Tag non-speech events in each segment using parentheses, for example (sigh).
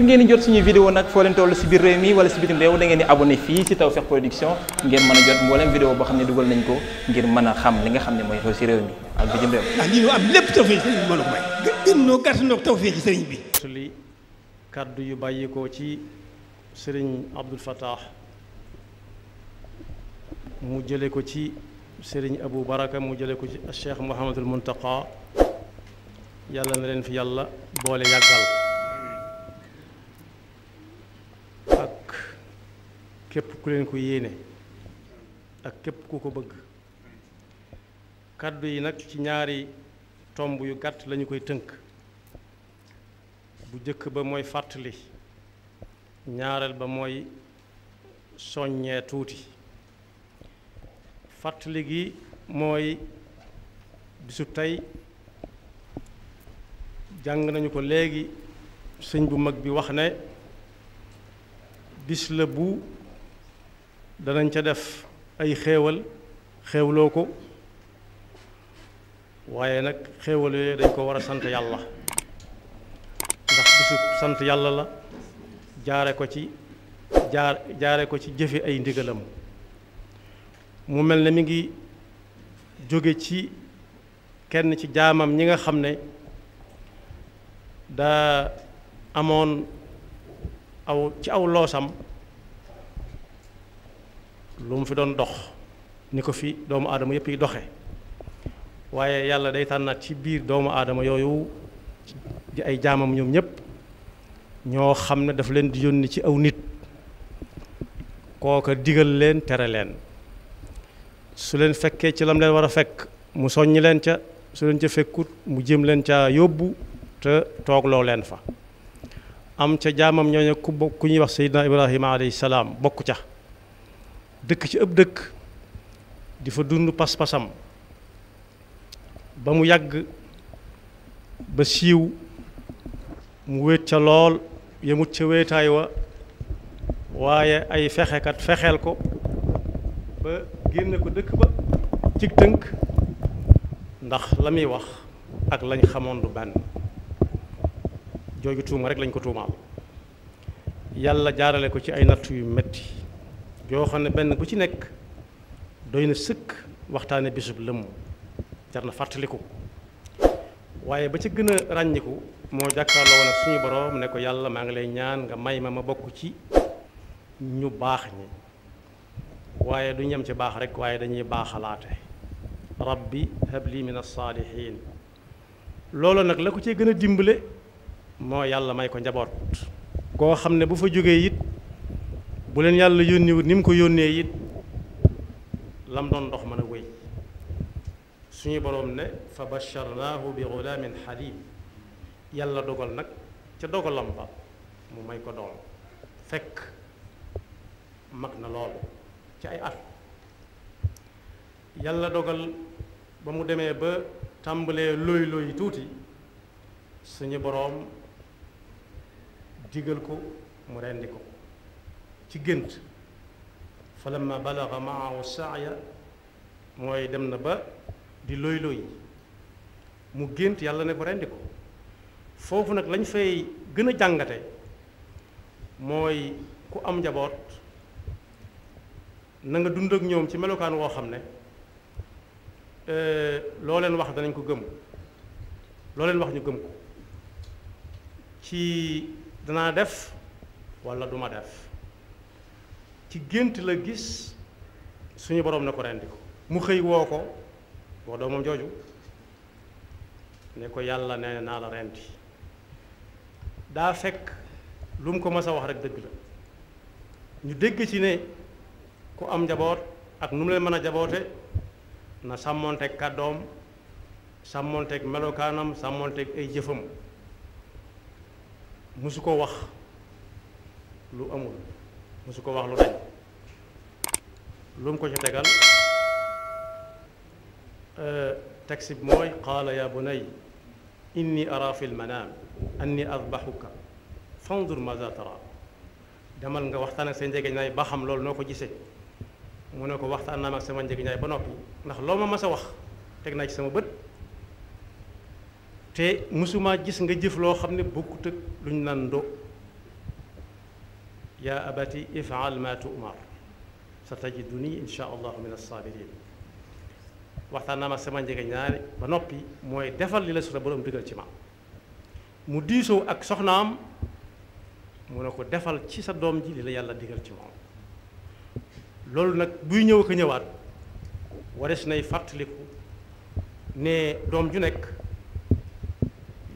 ngir ngeen jot suñu vidéo nag foo leen toll si biir réew mi wala si bitim réew da ngeen di abonné fii si Tawfekh Production ngeen mën a jot mboolem vidéo boo xam ne dugal nañ a xam li nga xam ne mooy xew si réew mi ak bitim réew. ndax ah, lii ñu am lépp Tawfekh bi mën a kàddu yu bàyyikoo ci sëriñ Abdul Fattah mu jële ko ci sëriñ Abu Baraka mu jële ko ci Cheikh Mouhamadul Muntaqa yàlla na leen fi yàlla boole yàggal. képp ku leen ko yéene ak képp ku ko bëgg kàddu yi nag ci ñaari tomb yu gàtt lañu koy tënk bu jëkk ba mooy fàttali ñaareel ba mooy soññee tuuti fàttali gi mooy bisub tey jàng nañu ko léegi sëñ bu mag bi wax ne bis la bu danañ ca def ay xéewal xéewloo ko waaye nag xéewal yooyu dañ ko war a sant yàlla ndax bisu sant yàlla la jaare ko ci jaar jaare ko ci jëfe ay ndigalam mu mel ne mi ngi jóge ci kenn ci jaamam ñi nga xam ne daa amoon aw ci aw loosam lu mu fi doon dox ni ko fi doomu aadama yëpp yi doxe waaye yàlla day tànnaat ci biir doomu aadama yooyu di ay jaamam ñoom ñëpp ñoo xam ne daf leen di yónni ci aw nit kooka digal leen tere leen su leen fekkee ci lam leen war a fekk mu soññ leen ca su leen ca fekkut mu jëm leen ca yóbbu te toogloo leen fa am ca jaamam ñooñu ku ñuy wax Seydina Ibrahima alayhi salaam bokk ca dëkk ci ëpp dëkk di fa dund pas-pasam ba mu yàgg ba siiw mu wéet ca lool yemut ca wéetaay wa waaye ay fexekat fexeel ko ba génne ko dëkk ba cig tënk ndax la muy wax ak lañ xamoon lu benn jooju tuuma rek lañ ko tuumaal yàlla jaarale ko ci ay nattu yu metti yoo xam ne benn bu ci nekk doy na sëkk waxtaane bisub lëmm jar na fàttaliku waaye ba ca gën a ràññiku moo jàkkaarloo woon ak suñu boroom ne ko yàlla maa ngi lay ñaan nga may ma ma bokk ci ñu baax ñi waaye du ñem ci baax rek waaye dañuy baaxalaate rabbi lii min as-saalihiin loolu nag la ko cee gën a dimbale moo yàlla may ko njaboot koo xam ne bu fa jógee it buleen yàlla yónniwut ni mu ko yónnee it lam doon dox mën a wéy suñu boroom ne fa basharnaahu bi gulaamin xaliim yàlla dogal nag ca dogalam ba mu may ko doom fekk mag na lool ci ay at yàlla dogal ba mu demee ba tàmbalee looy looy tuuti suñu boroom digal ko mu rendi ko ci gént fa lamma balaga maahu saaya mooy dem na ba di looy looy mu gént yàlla ne ko rendi ko foofu nag lañ fay gën a jàngate mooy ku am njaboot na nga dund ak ñoom ci melokaan woo xam ne euh, loo leen wax danañ ko gëm looleen wax ñu gëm ko ci danaa def walla duma def ci gént la gis suñu boroom na ko rendi ko mu xëy woo ko wax doomam jooju ne ko yàlla ne naa la rendi daa fekk lu mu ko mas a wax rek dëgg la ñu dégg ci ne ku am njaboot ak nu mu leen mën a jaboote na sàmmoonteeg kàddoom sàmmoonteeg melokaanam sàmmoonteeg ay jëfam musu ko wax lu amul musu ko wax lu dañ lu mu ko ca tegal euh, taxi bi mooy qaala ya bunay inni ara fi lmanaam anni adbahuka fandur maza tara demal nga waxtaan ak sa njëgëñaay ba xam loolu noo ko gisee mu ne ko waxtaan naa ak sama njëgëñaay ba noppi ndax loo ma mas a wax teg naa ci sama bët te mësuma gis nga jëf loo xam ne bokkut ak lu ñu naan ndo yaa abati ifal ma tu'mar sa tajiduni insha allahu min assabirin waxtaan naa ma sama njege ñaari ba noppi mooy defal li la sa borom digal ci ma mu diisoo ak soxnaam mu ne ko defal ci sa doom ji li la yàlla digal ci moom loolu nag buy ñëw ko ñëwaat wares nay fàttaliku ne doom ju nekk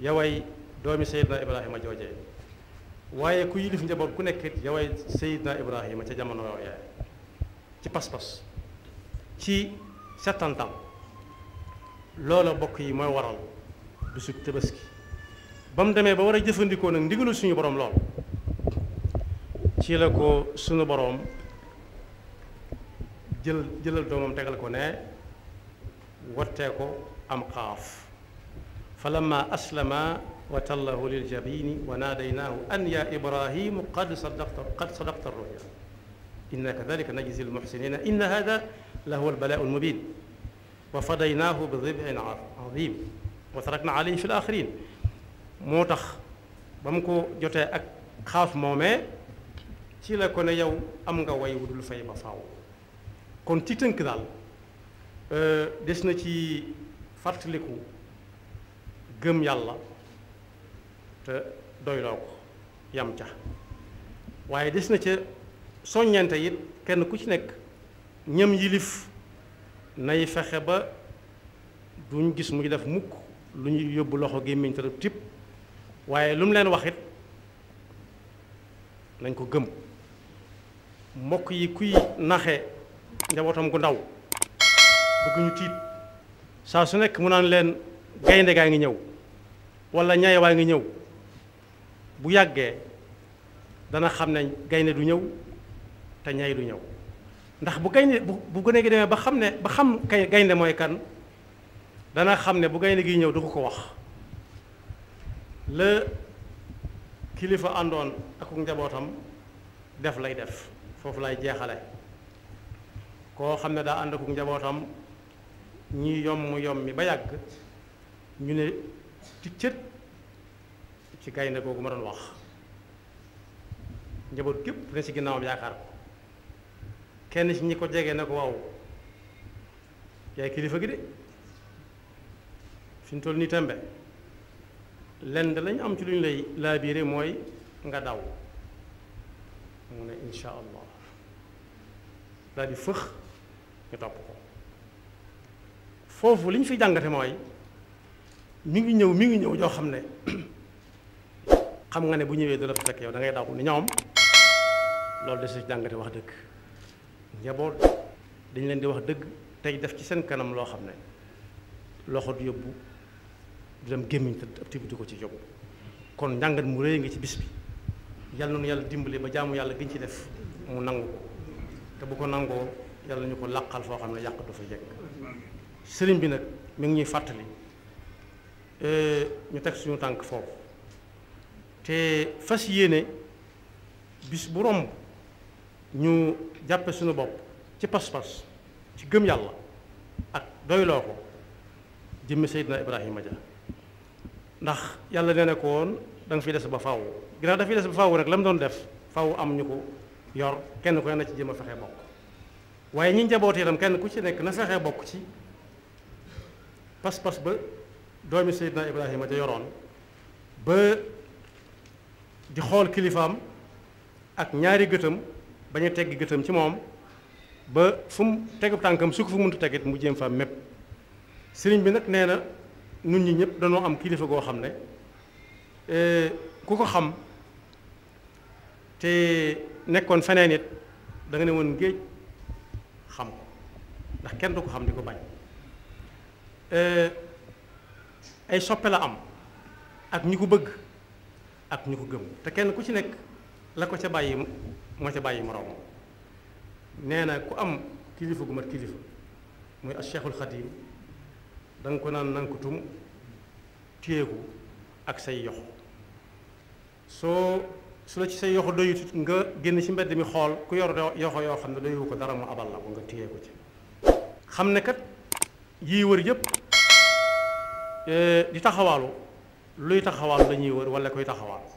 yaway doomi Seydina Ibrahima joojee waaye ku yilif njaboot ku nekk it yaway Seydina Ibrahima ca jamono yooyee ci pas-pas ci settantal loola bokk yi mooy waral su tabaski ba mu demee ba war a jëfandikoo nag ndigalu suñu borom lool ci la ko suñu boroom jël jëlal doomam tegal ko ne wattee ko am xaaf falamma aslama wa tallahu lil jabini wa naadaynaahu an ya ibrahimu qad sadaqta qad sadaqta ruya inna kadalika najzi almuxsinina inna hada la huwa albalau almubin wa fadaynaahu bi dibin azim wa tarakna alayhi fi alaxirin moo tax ba mu ko jotee ak xaaf moomee ci la ko ne yow am nga way wudul fay ba faaw kon ci tënk daal euh, des na ci fàttaliku gëm yàlla te doyloo ko yam ca waaye des na ca soññante it kenn ku ci nekk ñam yilif nay fexe ba duñ gis muy def mukk lu ñuy yóbbu loxo gémmiñ tërëb tip waaye lu mu leen waxit it nañ ko gëm mbokk yi kuy naxe njabootam gu ndaw bëgg ñu tiit saa su nekk mu naan leen gaynde gaa ngi ñëw wala ñaay waa ngi ñëw bu yàggee dana xam ne gaynde du ñëw te ñay du ñëw ndax bu gaynde bu gone gi demee ba xam ne ba xam kay gaynde mooy kan dana xam ne bu gaynde gi ñëw du ko ko wax la kilifa àndoon ak njabootam def lay def foofu lay jeexale koo xam ne daa ànd ak njabootam ñi yom yom mi ba yàgg ñu ne ci cët ci gaynde googu ma doon wax njaboot képp ne ci ginnaawam yaakaar ko kenn ci ñi ko jege na ko waaw yaay kilifa gi de fi ñu toll nii tembe lenn lañu am ci lu ñu lay laabiire mooy nga daw mu ne insha allah daal di fëx ñu topp ko foofu li ñu fi jàngate mooy mu ngi ñëw mi ngi ñëw joo xam ne (coughs) xam nga ne bu ñëwee du la fa fekk yow da daw ni ñoom loolu de si jàngate wax dëgg njaboot dañ leen di wax dëgg tey def ci seen kanam loo xam ne loxo du yóbbu du dem gémmiñ te ab tibb du ko ci yóbbu kon njàngat mu rëy nga ci bis bi yàlla noonu yàlla dimbale ba jaamu yàlla giñ ci def mu nangu ko te bu ko nangoo yàlla ñu ko làqal foo xam ne yàq du fa jekk sëriñ bi nag mu ngi ñuy fàttali e, ñu teg suñu tànk foofu te fas yéene bis bu romb ñu jàppe suñu bopp ci pas ci gëm yàlla ak doyloo ko jëmmi Seydina Ibrahima ja ndax yàlla nee na danga woon fiy des ba faaw ginnaaw da des ba faaw rek la mu doon def faaw am ñu ko yor kenn ko na ci jëm a fexe bokk waaye ñi njaboot itam kenn ku ci nekk na fexe bokk ci pas-pas ba doomi Seydina Ibrahima ja yoroon ba di xool kilifaam ak ñaari gëtam bañ a tegg gëtam ci moom ba fu mu tegu tànkam su ko fa mënut tegit mu jéem fa mépp sëriñ bi nag nee na nun ñi ñëpp dañoo am kilifa goo xam ne e, ku ko xam te nekkoon feneen it da nga ne woon géej xam ko ndax kenn du ko xam ni ko bañ e, ay soppe la am ak ñi ko bëgg ak ñu ko gëm te kenn ku ci nekk la ko ca bàyyi moo ca bàyyi moroomam nee na ku am kilifa gu mat kilifa muy as cheikhul xadim da nga ko naan nankutum ak say yoxo soo su la ci say yoxo doyut nga génn ci mbedd mi xool ku yor yoxo yoo xam ne doywu ko dara mu abal la ko nga téye ci xam ne kat yii wër yëpp eh, di taxawaalu luy taxawaalu la ñuy wër wala koy taxawaalu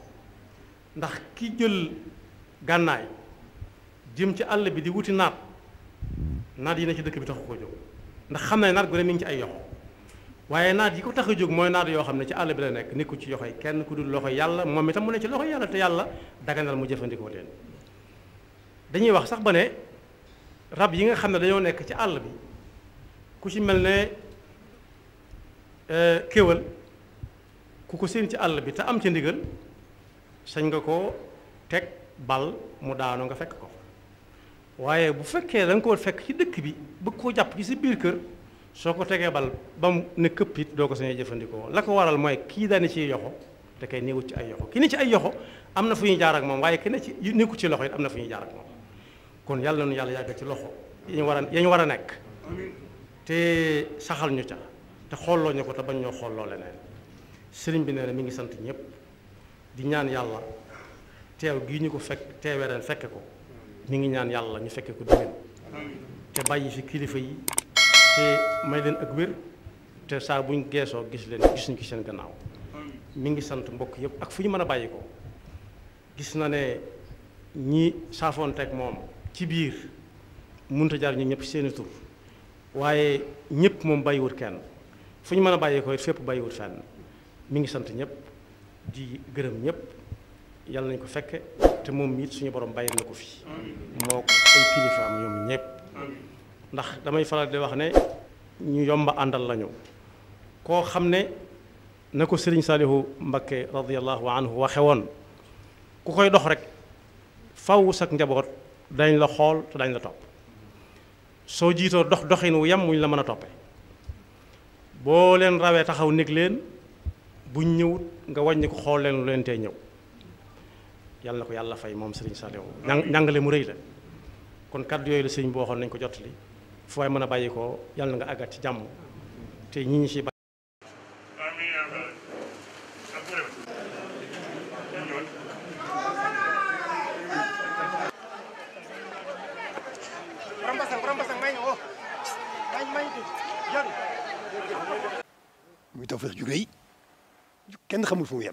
ndax ki jël gànnaay jëm ci àll bi di wuti naat naat yi ne ci dëkk bi taxu koo jóg ndax xam na naat gu ne mi ci ay yoxo waaye naat yi ko tax a jóg mooy naat yoo xam ne ci àll bi la nekk nekku ci yoxoy kenn ku dul loxo yàlla moom itam mu ne ci loxo yàlla te yàlla mu jëfandikoo leen wax sax ba ne yi nga xam ne dañoo nekk ci àll bi ku ci mel ne euh, kéwal ku ko seen ci àll bi te am ci ndigal sañ nga koo teg bal mu daanu nga fekk ko waaye bu fekkee da nga koo fekk ci dëkk bi bëgg koo jàpp ci si biir kër soo ko tegee bal ba mu ne këpp it doo ko sañee jëfandikoo la ko waral mooy kii daane ci yoxo te kay néewut ci ay yoxo ki ne ci ay yoxo am na fu ñu jaar ak moom waaye ki ci nekkut ci loxo it am na fu ñuy jaar kon yàlla nañu yàlla yàgg ci loxo yañu war a yañu war a nekk te saxal ñu ca te xooloo ñu ko te bañ ñoo xooloo leneen sëriñ bi nee na mi ngi sant ñëpp di ñaan yàlla teew gii ñu ko fekk teewee ren fekke ko mu ngi ñaan yàlla ñu fekke ko déwén te bàyyi fi kilifa yi te may leen ak wér te saa buñ geesoo gis leen gis ki seen gannaaw mi ngi sant mbokk yëpp ak fu ñu mën a bàyyi ko gis na ne ñi saafoonteeg moom ci biir munta jaar ñu ñëpp seeni tur waaye ñëpp moom bàyyiwut kenn fu ñu mën a bàyyi ko it fépp bàyyiwut fenn mi ngi sant ñëpp di gërëm ñëpp yàlla nañ ko fekke te moom it suñu borom bàyyi na ko fi moo ay kilifaam ñoom ñëpp ndax damay faral di wax ne ñu yomba àndal lañu koo xam ne na ko sëriñ Saalihu Mbakke radiyallahu anhu waxe woon ku koy dox rek fawu sak njaboot dañ la xool te dañ la topp soo jiitoo dox doxin wu yam muñ la mën a toppe boo leen rawee taxaw néeg leen buñ ñëwut nga wàññi ko xool leen lu leen tee ñëw yàlla na ko yàlla fay moom sëriñ Saliou njàngale mu rëy la kon kàddu yooyu la sëriñ boo waxoon nañ ko jotali fu waay mën a bàyyi ko yàlla nga àggat ci jàmm te ñi ñi si bàyyi muy Tawfekh ju rëy kenn xamul fu mu